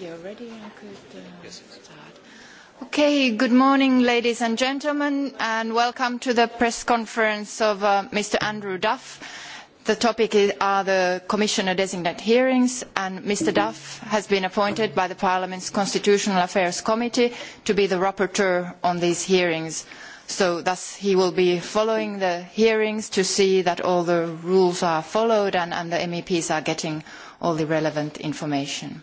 could uh, start. Okay, good morning, ladies and gentlemen, and welcome to the press conference of uh, Mr. Andrew Duff. The topic is, are the Commissioner designate hearings, and Mr. Duff has been appointed by the Parliament's Constitutional Affairs Committee to be the rapporteur on these hearings. So thus he will be following the hearings to see that all the rules are followed and, and the MEPs are getting all the relevant information.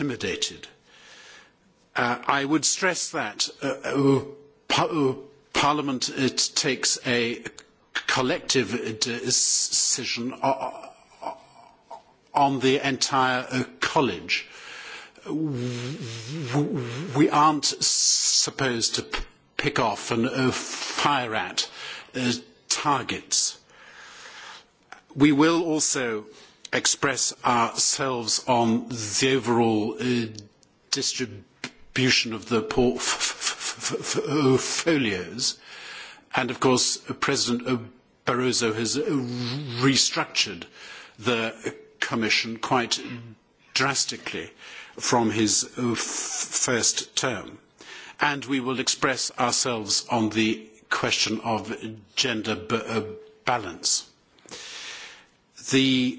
intimidated. Uh, I would stress that uh, uh, uh Parliament takes a collective decision uh, uh, on the entire college. We aren't supposed to pick off and fire at targets. We will also express ourselves on the overall uh, distribution of the portfolios. And of course, President Barroso has restructured the Commission quite drastically from his first term. And we will express ourselves on the question of gender uh, balance. The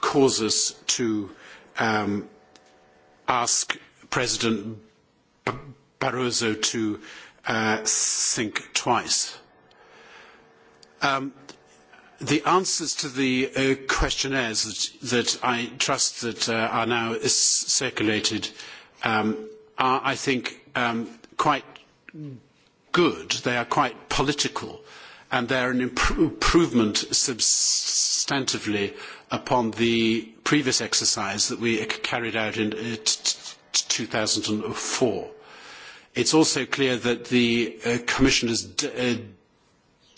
cause us to um, ask President Barroso to uh, think twice. Um, the answers to the uh, questionnaires that, that, I trust that uh, are now circulated um, are, I think, um, quite good. They are quite political and they're an improvement substantively upon the previous exercise that we carried out in 2004. Uh, It's also clear that the uh, commissioners de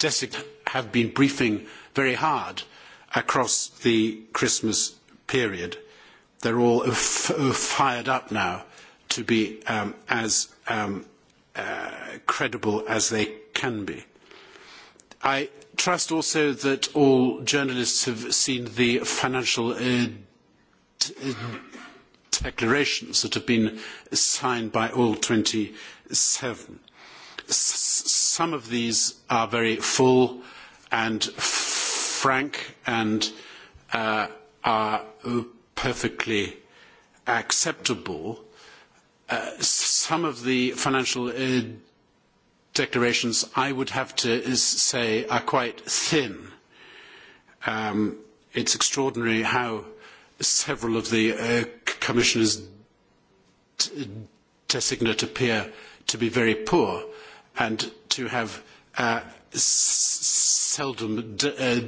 uh, have been briefing very hard across the Christmas period. They're all fired up now to be um, as um, uh, credible as they can be. I trust also that all journalists have seen the financial uh, uh declarations that have been signed by all 27. S some of these are very full and frank and uh, are perfectly acceptable. Uh, some of the financial uh, declarations, I would have to say, are quite thin. Um, it's extraordinary how several of the uh, commissioners designate appear to be very poor and to have uh, seldom uh,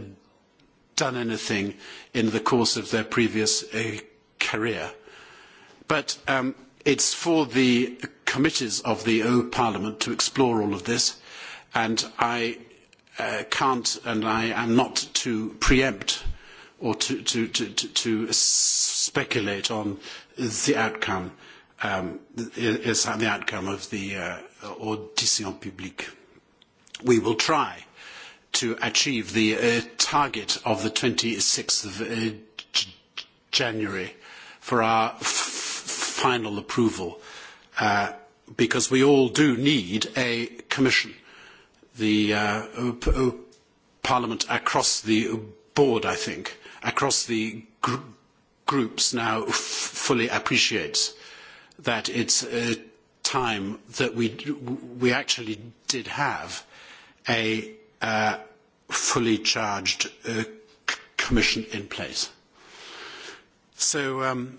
done anything in the course of their previous uh, career. But um, it's for the committees of the EU Parliament to explore all of this, and I uh, can't and I am not to preempt or to, to, to, to speculate on the outcome um, is the outcome of the uh, audition publique. We will try to achieve the uh, target of the 26th of uh, January for our final approval uh, because we all do need a commission. The uh, uh, Parliament across the board, I think, across the gr groups now fully appreciates that it's uh, time that we, we actually did have a uh, fully charged uh, commission in place. So um,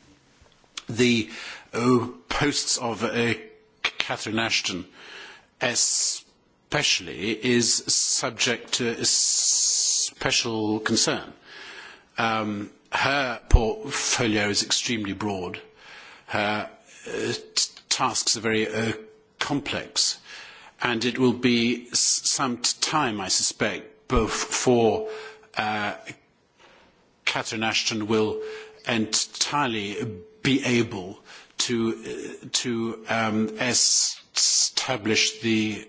the uh, posts of uh, Catherine Ashton especially is subject to special concern. Um, her portfolio is extremely broad. Her uh, tasks are very uh, complex. And it will be some time, I suspect, before uh, Catherine Ashton will entirely be able to, uh, to um, establish the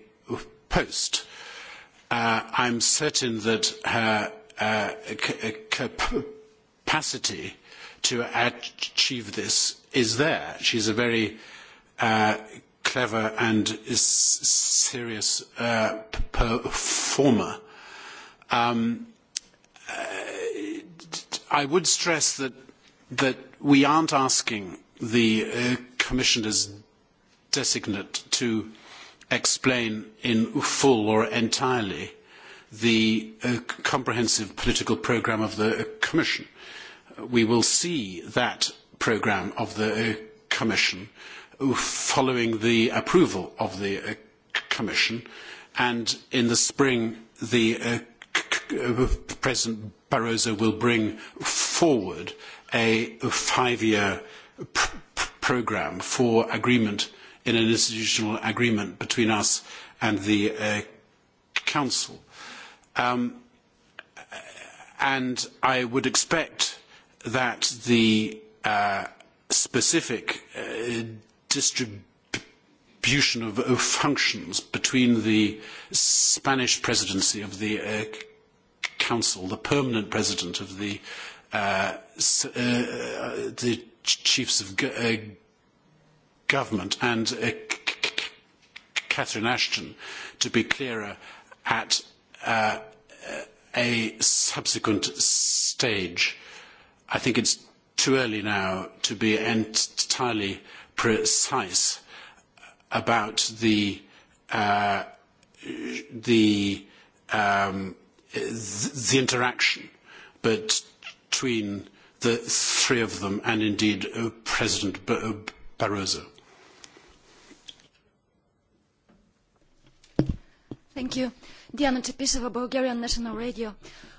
post. Uh, I'm certain that her uh, uh capacity to achieve this is there. She's a very uh, clever and serious uh, performer. Um, uh, I would stress that that we aren't asking the uh, commissioners designate to explain in full or entirely the uh, comprehensive political programme of the uh, Commission. We will see that programme of the uh, Commission following the approval of the uh, Commission and in the spring the uh, President Barroso will bring forward a five-year pr programme for agreement in an institutional agreement between us and the uh, Council. Um, and I would expect that the uh, specific uh, distribution of, of, functions between the Spanish presidency of the uh, Council, the permanent president of the Uh, uh, uh, the chiefs of go uh, government and uh, Catherine Ashton to be clearer at uh, a subsequent stage. I think it's too early now to be entirely precise about the uh, the um, the interaction, but between the three of them and indeed uh, President B uh, Barroso? Thank you. Diana Tepisova, Bulgarian National Radio.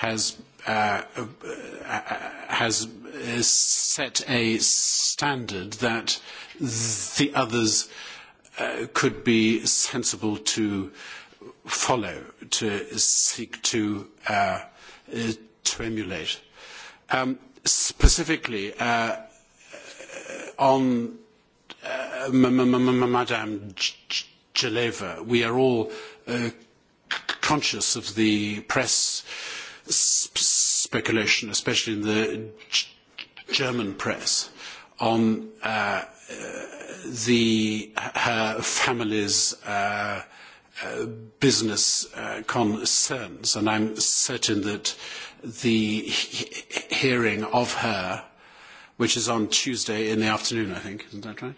has uh, uh, has set a standard that the others uh, could be sensible to follow, to seek to uh, to emulate. Um, specifically uh, uh on uh, Madame Geleva, we are all uh, conscious of the press. Uh, sp speculation, especially in the German press, on uh, the her family's uh, uh, business uh, concerns, and I'm certain that the he hearing of her, which is on Tuesday in the afternoon, I think, isn't that right?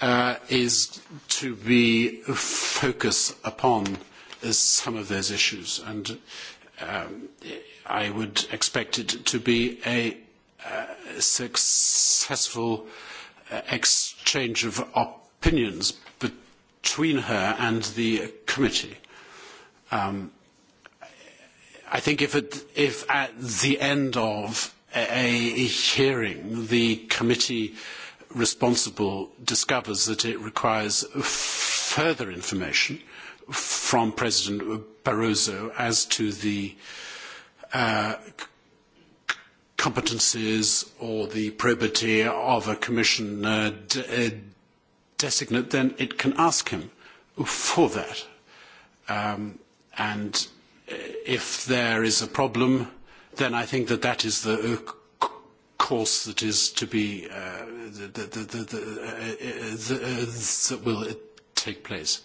Uh, is to be focus upon some of those issues, and Um, I would expect it to be a, uh, successful uh, exchange of opinions between her and the committee. Um, I think if, at the end of a hearing, the committee responsible discovers that it requires further information, from President Barroso as to the uh, competences or the probity of a commission uh, uh, designate, then it can ask him for that. Um, and if there is a problem, then I think that that is the uh, course that is to be uh, the, the, the, uh, uh, that will take place.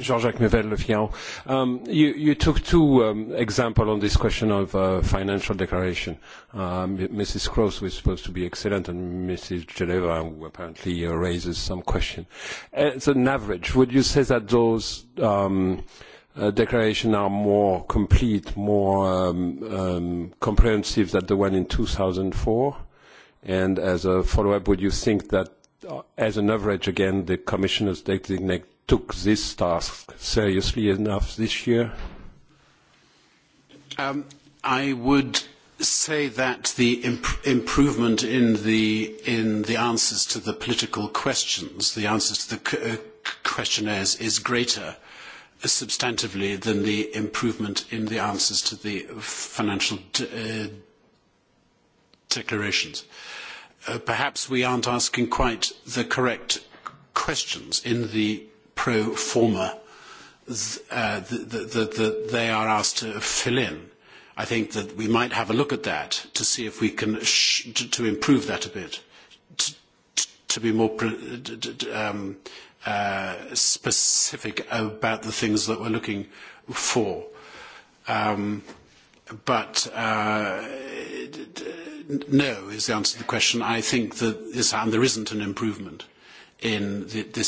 Jean-Jacques Mivel, Le Figaro. Um, you, you took two um, examples on this question of uh, financial declaration. Mrs. Um, Cross was supposed to be excellent, and Mrs. Geneva, who apparently uh, raises some question. As uh, an average, would you say that those um, uh, declarations are more complete, more um, um, comprehensive than the one in 2004? And as a follow-up, would you think that, uh, as an average, again, the commissioners designate took this task seriously enough this year? Um, I would say that the imp improvement in the, in the answers to the political questions, the answers to the uh, questionnaires, is greater uh, substantively than the improvement in the answers to the financial de uh, declarations. Uh, perhaps we aren't asking quite the correct questions in the pro forma uh, that the, the, they are asked to fill in. I think that we might have a look at that to see if we can sh- to, to improve that a bit, to, to be more pre- um, uh, specific about the things that we're looking for. Um, but uh, no is the answer to the question. I think that this, and there isn't an improvement in the, this